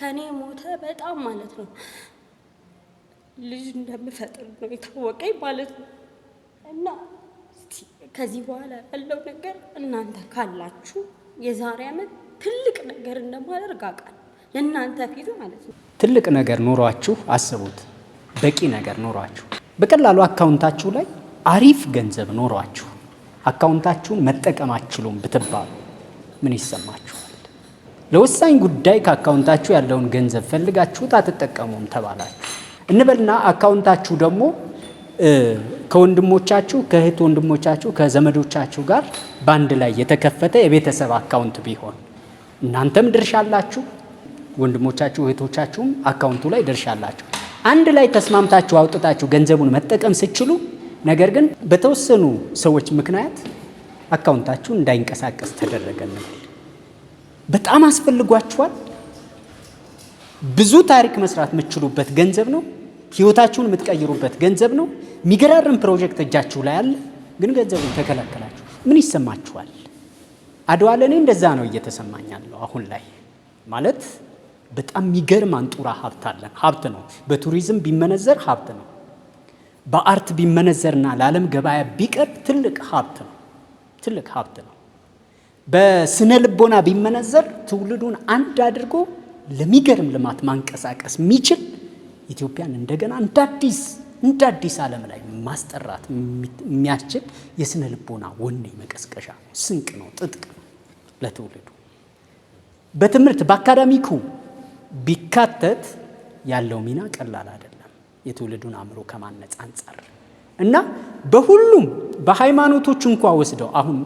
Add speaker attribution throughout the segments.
Speaker 1: ከኔ ሞተ በጣም ማለት ነው ልጅ እንደምፈጥር ነው የታወቀኝ ማለት ነው። እና ከዚህ በኋላ ያለው ነገር እናንተ ካላችሁ የዛሬ ዓመት ትልቅ ነገር እንደማደርግ አውቃለሁ። ለእናንተ ፊቱ ማለት ነው
Speaker 2: ትልቅ ነገር ኖሯችሁ አስቡት። በቂ ነገር ኖሯችሁ በቀላሉ አካውንታችሁ ላይ አሪፍ ገንዘብ ኖሯችሁ አካውንታችሁን መጠቀም አትችሉም ብትባሉ ምን ይሰማችሁ? ለወሳኝ ጉዳይ ከአካውንታችሁ ያለውን ገንዘብ ፈልጋችሁት አትጠቀሙም ተባላችሁ እንበልና አካውንታችሁ ደግሞ ከወንድሞቻችሁ ከእህት ወንድሞቻችሁ ከዘመዶቻችሁ ጋር በአንድ ላይ የተከፈተ የቤተሰብ አካውንት ቢሆን እናንተም ድርሻ አላችሁ፣ ወንድሞቻችሁ እህቶቻችሁም አካውንቱ ላይ ድርሻ አላችሁ። አንድ ላይ ተስማምታችሁ አውጥታችሁ ገንዘቡን መጠቀም ሲችሉ፣ ነገር ግን በተወሰኑ ሰዎች ምክንያት አካውንታችሁ እንዳይንቀሳቀስ ተደረገ። በጣም አስፈልጓችኋል። ብዙ ታሪክ መስራት የምትችሉበት ገንዘብ ነው። ህይወታችሁን የምትቀይሩበት ገንዘብ ነው። የሚገራርም ፕሮጀክት እጃችሁ ላይ አለ፣ ግን ገንዘቡን ተከለከላችሁ። ምን ይሰማችኋል? አድዋ ለእኔ እንደዛ ነው እየተሰማኝ ያለው አሁን ላይ ማለት በጣም የሚገርም አንጡራ ሀብት አለን። ሀብት ነው። በቱሪዝም ቢመነዘር ሀብት ነው። በአርት ቢመነዘርና ለዓለም ገበያ ቢቀርብ ትልቅ ሀብት ነው። ትልቅ ሀብት ነው። በስነ ልቦና ቢመነዘር ትውልዱን አንድ አድርጎ ለሚገርም ልማት ማንቀሳቀስ የሚችል ኢትዮጵያን እንደገና እንደ አዲስ እንደ አዲስ ዓለም ላይ ማስጠራት የሚያስችል የስነ ልቦና ወኔ መቀስቀሻ ነው፣ ስንቅ ነው፣ ጥጥቅ ነው ለትውልዱ። በትምህርት በአካዳሚኩ ቢካተት ያለው ሚና ቀላል አይደለም። የትውልዱን አእምሮ ከማነጽ አንጻር እና በሁሉም በሃይማኖቶች እንኳ ወስደው አሁን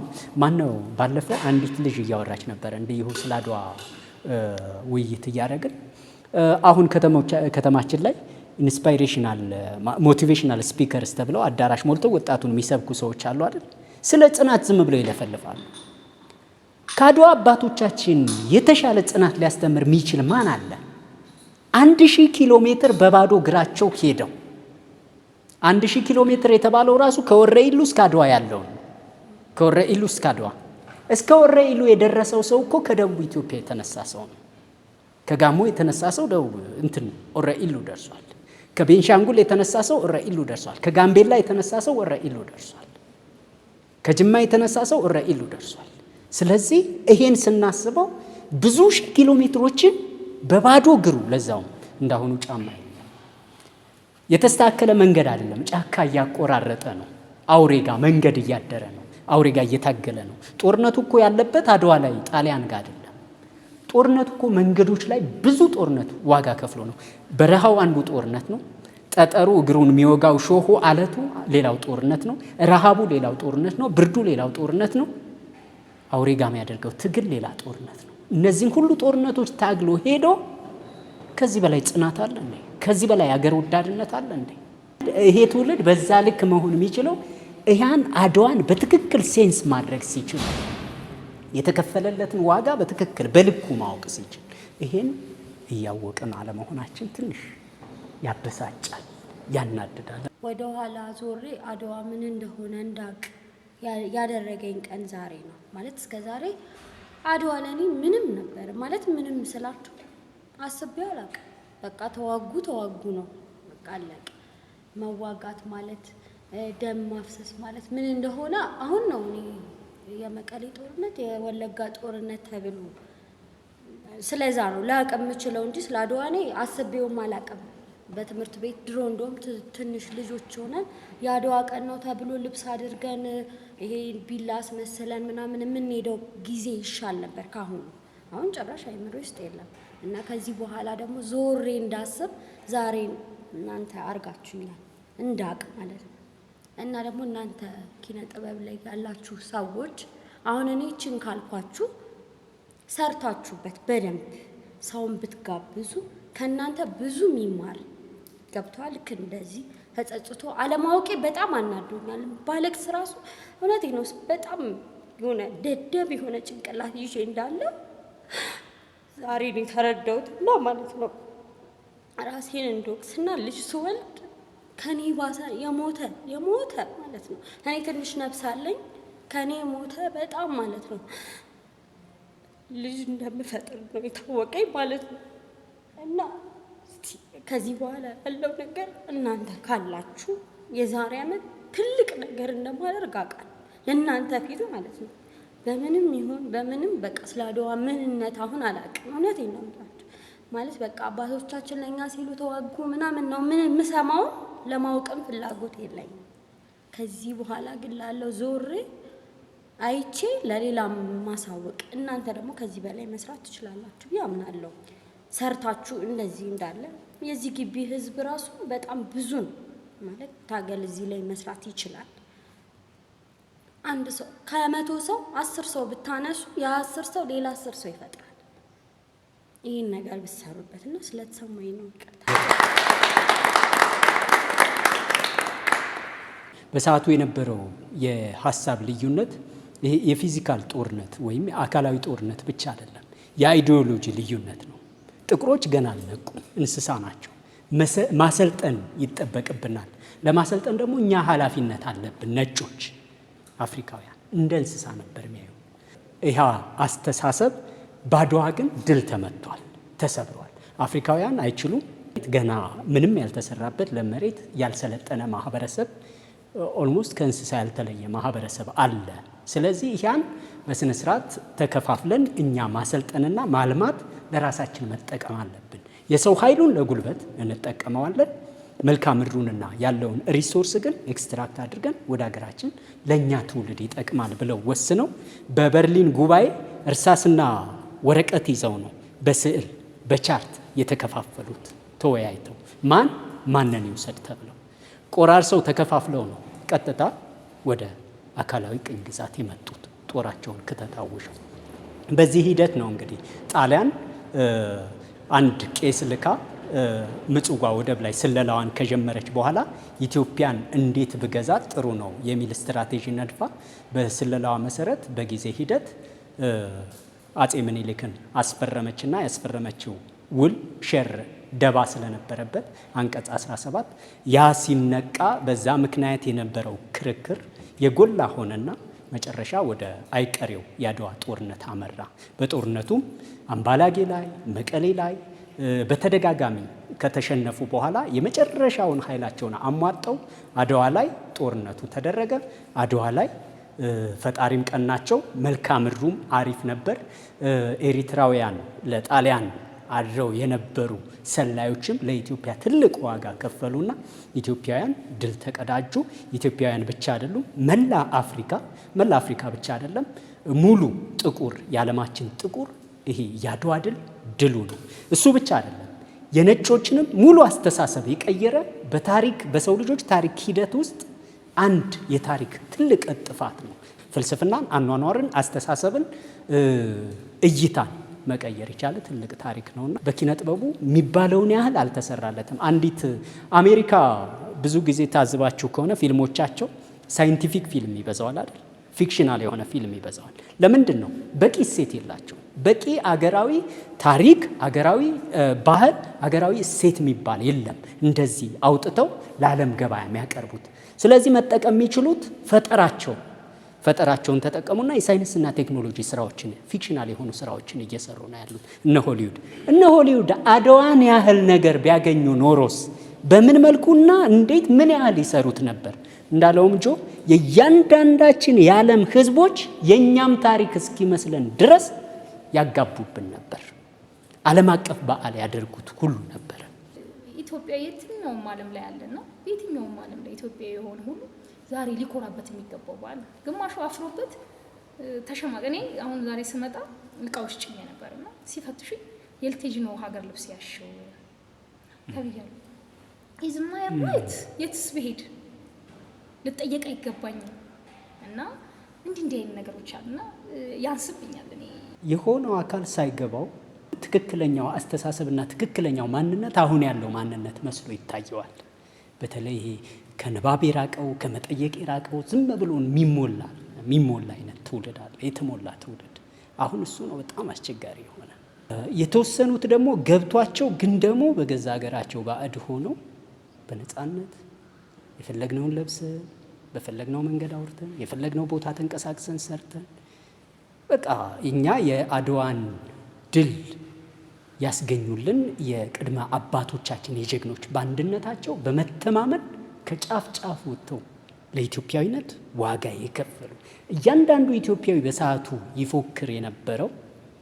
Speaker 2: ማነው ባለፈው አንዲት ልጅ እያወራች ነበረ እንዲሁ ስለ አድዋ ውይይት እያደረግን አሁን ከተማችን ላይ ኢንስፓይሬሽናል ሞቲቬሽናል ስፒከርስ ተብለው አዳራሽ ሞልተው ወጣቱን የሚሰብኩ ሰዎች አሉ አይደል? ስለ ጽናት ዝም ብለው ይለፈልፋሉ። ከአድዋ አባቶቻችን የተሻለ ጽናት ሊያስተምር የሚችል ማን አለ? አንድ ሺህ ኪሎ ሜትር በባዶ እግራቸው ሄደው አንድ ሺህ ኪሎ ሜትር የተባለው ራሱ ከወረኢሉ እስከ አድዋ ያለው ከወረኢሉ እስከ አድዋ እስከ ወረኢሉ የደረሰው ሰው እኮ ከደቡብ ኢትዮጵያ የተነሳ ሰው ነው። ከጋሞ የተነሳ ሰው ደቡብ እንትን ወረኢሉ ደርሷል። ከቤንሻንጉል የተነሳ ሰው ወረኢሉ ደርሷል። ከጋምቤላ የተነሳ ሰው ወረኢሉ ደርሷል። ከጅማ የተነሳ ሰው ወረኢሉ ደርሷል። ስለዚህ ይሄን ስናስበው ብዙ ሺህ ኪሎ ሜትሮችን በባዶ እግሩ ለዛውም እንዳሁኑ ጫማ የተስተካከለ መንገድ አይደለም። ጫካ እያቆራረጠ ነው። አውሬ ጋ መንገድ እያደረ ነው። አውሬ ጋ እየታገለ ነው። ጦርነቱ እኮ ያለበት አድዋ ላይ ጣሊያን ጋር አይደለም። ጦርነቱ እኮ መንገዶች ላይ ብዙ ጦርነት ዋጋ ከፍሎ ነው። በረሃው አንዱ ጦርነት ነው። ጠጠሩ እግሩን የሚወጋው ሾሆ አለቱ ሌላው ጦርነት ነው። ረሃቡ ሌላው ጦርነት ነው። ብርዱ ሌላው ጦርነት ነው። አውሬ ጋ የሚያደርገው ትግል ሌላ ጦርነት ነው። እነዚህን ሁሉ ጦርነቶች ታግሎ ሄዶ ከዚህ በላይ ጽናት አለ ከዚህ በላይ አገር ወዳድነት አለ እንዴ? ይሄ ትውልድ በዛ ልክ መሆን የሚችለው ያን አድዋን በትክክል ሴንስ ማድረግ ሲችል፣ የተከፈለለትን ዋጋ በትክክል በልኩ ማወቅ ሲችል፣ ይሄን እያወቅን አለመሆናችን ትንሽ ያበሳጫል፣ ያናድዳል።
Speaker 1: ወደ ኋላ ዞሬ አድዋ ምን እንደሆነ እንዳቅ ያደረገኝ ቀን ዛሬ ነው ማለት እስከ ዛሬ አድዋ ለኔ ምንም ነበር ማለት ምንም ስላችሁ አስቤው አላውቅም። በቃ ተዋጉ ተዋጉ ነው። በቃ አለቀ። መዋጋት ማለት ደም ማፍሰስ ማለት ምን እንደሆነ አሁን ነው የመቀሌ ጦርነት የወለጋ ጦርነት ተብሎ ስለዛ ነው ላቅ የምችለው እንጂ ስለ አድዋ እኔ አስቤውም አላቅም። በትምህርት ቤት ድሮ እንደውም ትንሽ ልጆች ሆነን የአድዋ ቀን ነው ተብሎ ልብስ አድርገን ይሄ ቢላ አስመሰለን ምናምን የምንሄደው ጊዜ ይሻል ነበር ከአሁኑ። አሁን ጭራሽ አይምሮ ውስጥ የለም። እና ከዚህ በኋላ ደግሞ ዞሬ እንዳስብ ዛሬ እናንተ አርጋችሁኛል እንዳቅ ማለት ነው። እና ደግሞ እናንተ ኪነ ጥበብ ላይ ያላችሁ ሰዎች አሁን እኔ ችን ካልኳችሁ ሰርታችሁበት በደንብ ሰውን ብትጋብዙ ከእናንተ ብዙ ሚማር ገብተዋል። ልክ እንደዚህ ተጸጽቶ አለማወቄ በጣም አናዶኛል። ባለቅስ ራሱ እውነት ነው። በጣም የሆነ ደደብ የሆነ ጭንቅላት ይዤ እንዳለ ዛሬ ነው የተረዳሁት እና ማለት ነው ራሴን እንደወቅስና ልጅ ስወልድ ከኔ ባሰ የሞተ የሞተ ማለት ነው። እኔ ትንሽ ነፍስ አለኝ ከኔ ሞተ በጣም ማለት ነው ልጅ እንደምፈጥር ነው የታወቀኝ ማለት ነው። እና ከዚህ በኋላ ያለው ነገር እናንተ ካላችሁ የዛሬ ዓመት ትልቅ ነገር እንደማደርግ አውቃለሁ፣ ለእናንተ ፊት ማለት ነው። በምንም ይሁን በምንም በቃ ስለ አድዋ ምንነት አሁን አላውቅም። እውነቴን ነው ማለት በቃ አባቶቻችን ለእኛ ሲሉ ተዋጉ ምናምን ነው ምን የምሰማው ለማወቅም ፍላጎት የለኝም። ከዚህ በኋላ ግን ላለው ዞሬ አይቼ ለሌላ ማሳወቅ፣ እናንተ ደግሞ ከዚህ በላይ መስራት ትችላላችሁ ብዬ አምናለሁ። ሰርታችሁ እንደዚህ እንዳለ የዚህ ግቢ ህዝብ ራሱ በጣም ብዙ ነው ማለት ታገል እዚህ ላይ መስራት ይችላል። አንድ ሰው ከመቶ ሰው አስር ሰው ብታነሱ የአስር ሰው ሌላ አስር ሰው ይፈጥራል። ይህን ነገር ብትሰሩበት እና ስለተሰማኝ ነው። ይቅርታ።
Speaker 2: በሰዓቱ የነበረው የሀሳብ ልዩነት ይሄ የፊዚካል ጦርነት ወይም የአካላዊ ጦርነት ብቻ አይደለም፣ የአይዲዮሎጂ ልዩነት ነው። ጥቁሮች ገና አልነቁ፣ እንስሳ ናቸው። ማሰልጠን ይጠበቅብናል። ለማሰልጠን ደግሞ እኛ ኃላፊነት አለብን ነጮች አፍሪካውያን እንደ እንስሳ ነበር የሚያዩ። ይህ አስተሳሰብ ባድዋ ግን ድል ተመቷል፣ ተሰብሯል። አፍሪካውያን አይችሉም። ገና ምንም ያልተሰራበት ለመሬት ያልሰለጠነ ማህበረሰብ ኦልሞስት ከእንስሳ ያልተለየ ማህበረሰብ አለ። ስለዚህ ያን በስነ ስርዓት ተከፋፍለን እኛ ማሰልጠንና ማልማት ለራሳችን መጠቀም አለብን። የሰው ኃይሉን ለጉልበት እንጠቀመዋለን። መልካ ምድሩንና ያለውን ሪሶርስ ግን ኤክስትራክት አድርገን ወደ ሀገራችን ለእኛ ትውልድ ይጠቅማል ብለው ወስነው በበርሊን ጉባኤ እርሳስና ወረቀት ይዘው ነው በስዕል በቻርት የተከፋፈሉት። ተወያይተው ማን ማንን ይውሰድ ተብለው ቆራርሰው ተከፋፍለው ነው ቀጥታ ወደ አካላዊ ቅኝ ግዛት የመጡት ጦራቸውን ክተታውሸው። በዚህ ሂደት ነው እንግዲህ ጣሊያን አንድ ቄስ ልካ ምጽዋ ወደብ ላይ ስለላዋን ከጀመረች በኋላ ኢትዮጵያን እንዴት ብገዛ ጥሩ ነው የሚል ስትራቴጂ ነድፋ በስለላዋ መሰረት በጊዜ ሂደት አጼ ምኒልክን አስፈረመችና ያስፈረመችው ውል ሸር ደባ ስለነበረበት አንቀጽ 17 ያ ሲነቃ በዛ ምክንያት የነበረው ክርክር የጎላ ሆነና መጨረሻ ወደ አይቀሬው የአድዋ ጦርነት አመራ። በጦርነቱም አምባላጌ ላይ፣ መቀሌ ላይ በተደጋጋሚ ከተሸነፉ በኋላ የመጨረሻውን ኃይላቸውን አሟጠው አድዋ ላይ ጦርነቱ ተደረገ። አድዋ ላይ ፈጣሪም ቀናቸው፣ መልክዓ ምድሩም አሪፍ ነበር። ኤሪትራውያን ለጣሊያን አድረው የነበሩ ሰላዮችም ለኢትዮጵያ ትልቅ ዋጋ ከፈሉና ኢትዮጵያውያን ድል ተቀዳጁ። ኢትዮጵያውያን ብቻ አይደሉም፣ መላ አፍሪካ መላ አፍሪካ ብቻ አይደለም፣ ሙሉ ጥቁር የዓለማችን ጥቁር ይሄ ያድዋ ድል ድሉ ነው። እሱ ብቻ አይደለም፣ የነጮችንም ሙሉ አስተሳሰብ የቀየረ በታሪክ በሰው ልጆች ታሪክ ሂደት ውስጥ አንድ የታሪክ ትልቅ ጥፋት ነው። ፍልስፍናን፣ አኗኗርን፣ አስተሳሰብን፣ እይታን መቀየር የቻለ ትልቅ ታሪክ ነውና በኪነ ጥበቡ የሚባለውን ያህል አልተሰራለትም። አንዲት አሜሪካ ብዙ ጊዜ ታዝባችሁ ከሆነ ፊልሞቻቸው ሳይንቲፊክ ፊልም ይበዛዋል አይደል? ፊክሽናል የሆነ ፊልም ይበዛዋል። ለምንድን ነው? በቂ ሴት የላቸው በቂ አገራዊ ታሪክ፣ አገራዊ ባህል፣ አገራዊ እሴት የሚባል የለም እንደዚህ አውጥተው ለዓለም ገበያ የሚያቀርቡት። ስለዚህ መጠቀም የሚችሉት ፈጠራቸው ፈጠራቸውን ተጠቀሙና የሳይንስና ቴክኖሎጂ ስራዎችን ፊክሽናል የሆኑ ስራዎችን እየሰሩ ነው ያሉት እነ ሆሊውድ እነ ሆሊውድ አድዋን ያህል ነገር ቢያገኙ ኖሮስ በምን መልኩና እንዴት ምን ያህል ይሰሩት ነበር? እንዳለውም ጆ የእያንዳንዳችን የዓለም ህዝቦች የእኛም ታሪክ እስኪመስለን ድረስ ያጋቡብን ነበር። ዓለም አቀፍ በዓል ያደርጉት ሁሉ ነበር።
Speaker 1: ኢትዮጵያ የትኛውም ዓለም ላይ ያለ ነው። የትኛውም ዓለም ላይ ኢትዮጵያ የሆነ ሁሉ ዛሬ ሊኮራበት የሚገባው በዓል ነው። ግማሹ አፍሮበት ተሸማቀ። እኔ አሁን ዛሬ ስመጣ እቃዎች ጭኜ ነበር እና ሲፈትሽ የልቴጅ ነው ሀገር ልብስ ያሸው ተብያሉ። ይዝማ ያማየት የትስ ብሄድ ልጠየቅ አይገባኝም እና እንዲህ እንዲህ አይነት ነገሮች አሉና ያንስብኛል እኔ
Speaker 2: የሆነው አካል ሳይገባው ትክክለኛው አስተሳሰብና ትክክለኛው ማንነት አሁን ያለው ማንነት መስሎ ይታየዋል። በተለይ ይሄ ከንባብ የራቀው ከመጠየቅ የራቀው ዝም ብሎ የሚሞላ የሚሞላ አይነት ትውልድ አለ፣ የተሞላ ትውልድ። አሁን እሱ ነው በጣም አስቸጋሪ የሆነ። የተወሰኑት ደግሞ ገብቷቸው ግን ደግሞ በገዛ ሀገራቸው ባዕድ ሆነው በነፃነት የፈለግነውን ለብሰን በፈለግነው መንገድ አውርተን የፈለግነው ቦታ ተንቀሳቅሰን ሰርተን በቃ እኛ የአድዋን ድል ያስገኙልን የቅድመ አባቶቻችን የጀግኖች በአንድነታቸው በመተማመን ከጫፍ ጫፍ ወጥተው ለኢትዮጵያዊነት ዋጋ የከፈሉ እያንዳንዱ ኢትዮጵያዊ በሰዓቱ ይፎክር የነበረው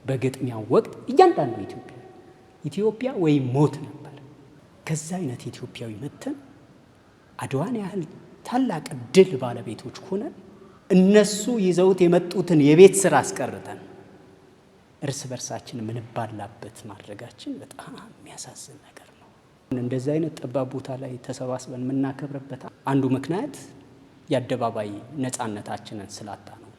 Speaker 2: በግጥሚያው ወቅት እያንዳንዱ ኢትዮጵያ ኢትዮጵያ ወይም ሞት ነበር። ከዛ አይነት ኢትዮጵያዊ መተን አድዋን ያህል ታላቅ ድል ባለቤቶች ሆነን እነሱ ይዘውት የመጡትን የቤት ስራ አስቀርተን እርስ በርሳችን ምንባላበት ማድረጋችን በጣም የሚያሳዝን ነገር ነው። እንደዚህ አይነት ጠባብ ቦታ ላይ ተሰባስበን የምናከብርበት አንዱ ምክንያት የአደባባይ ነፃነታችንን ስላጣ ነው።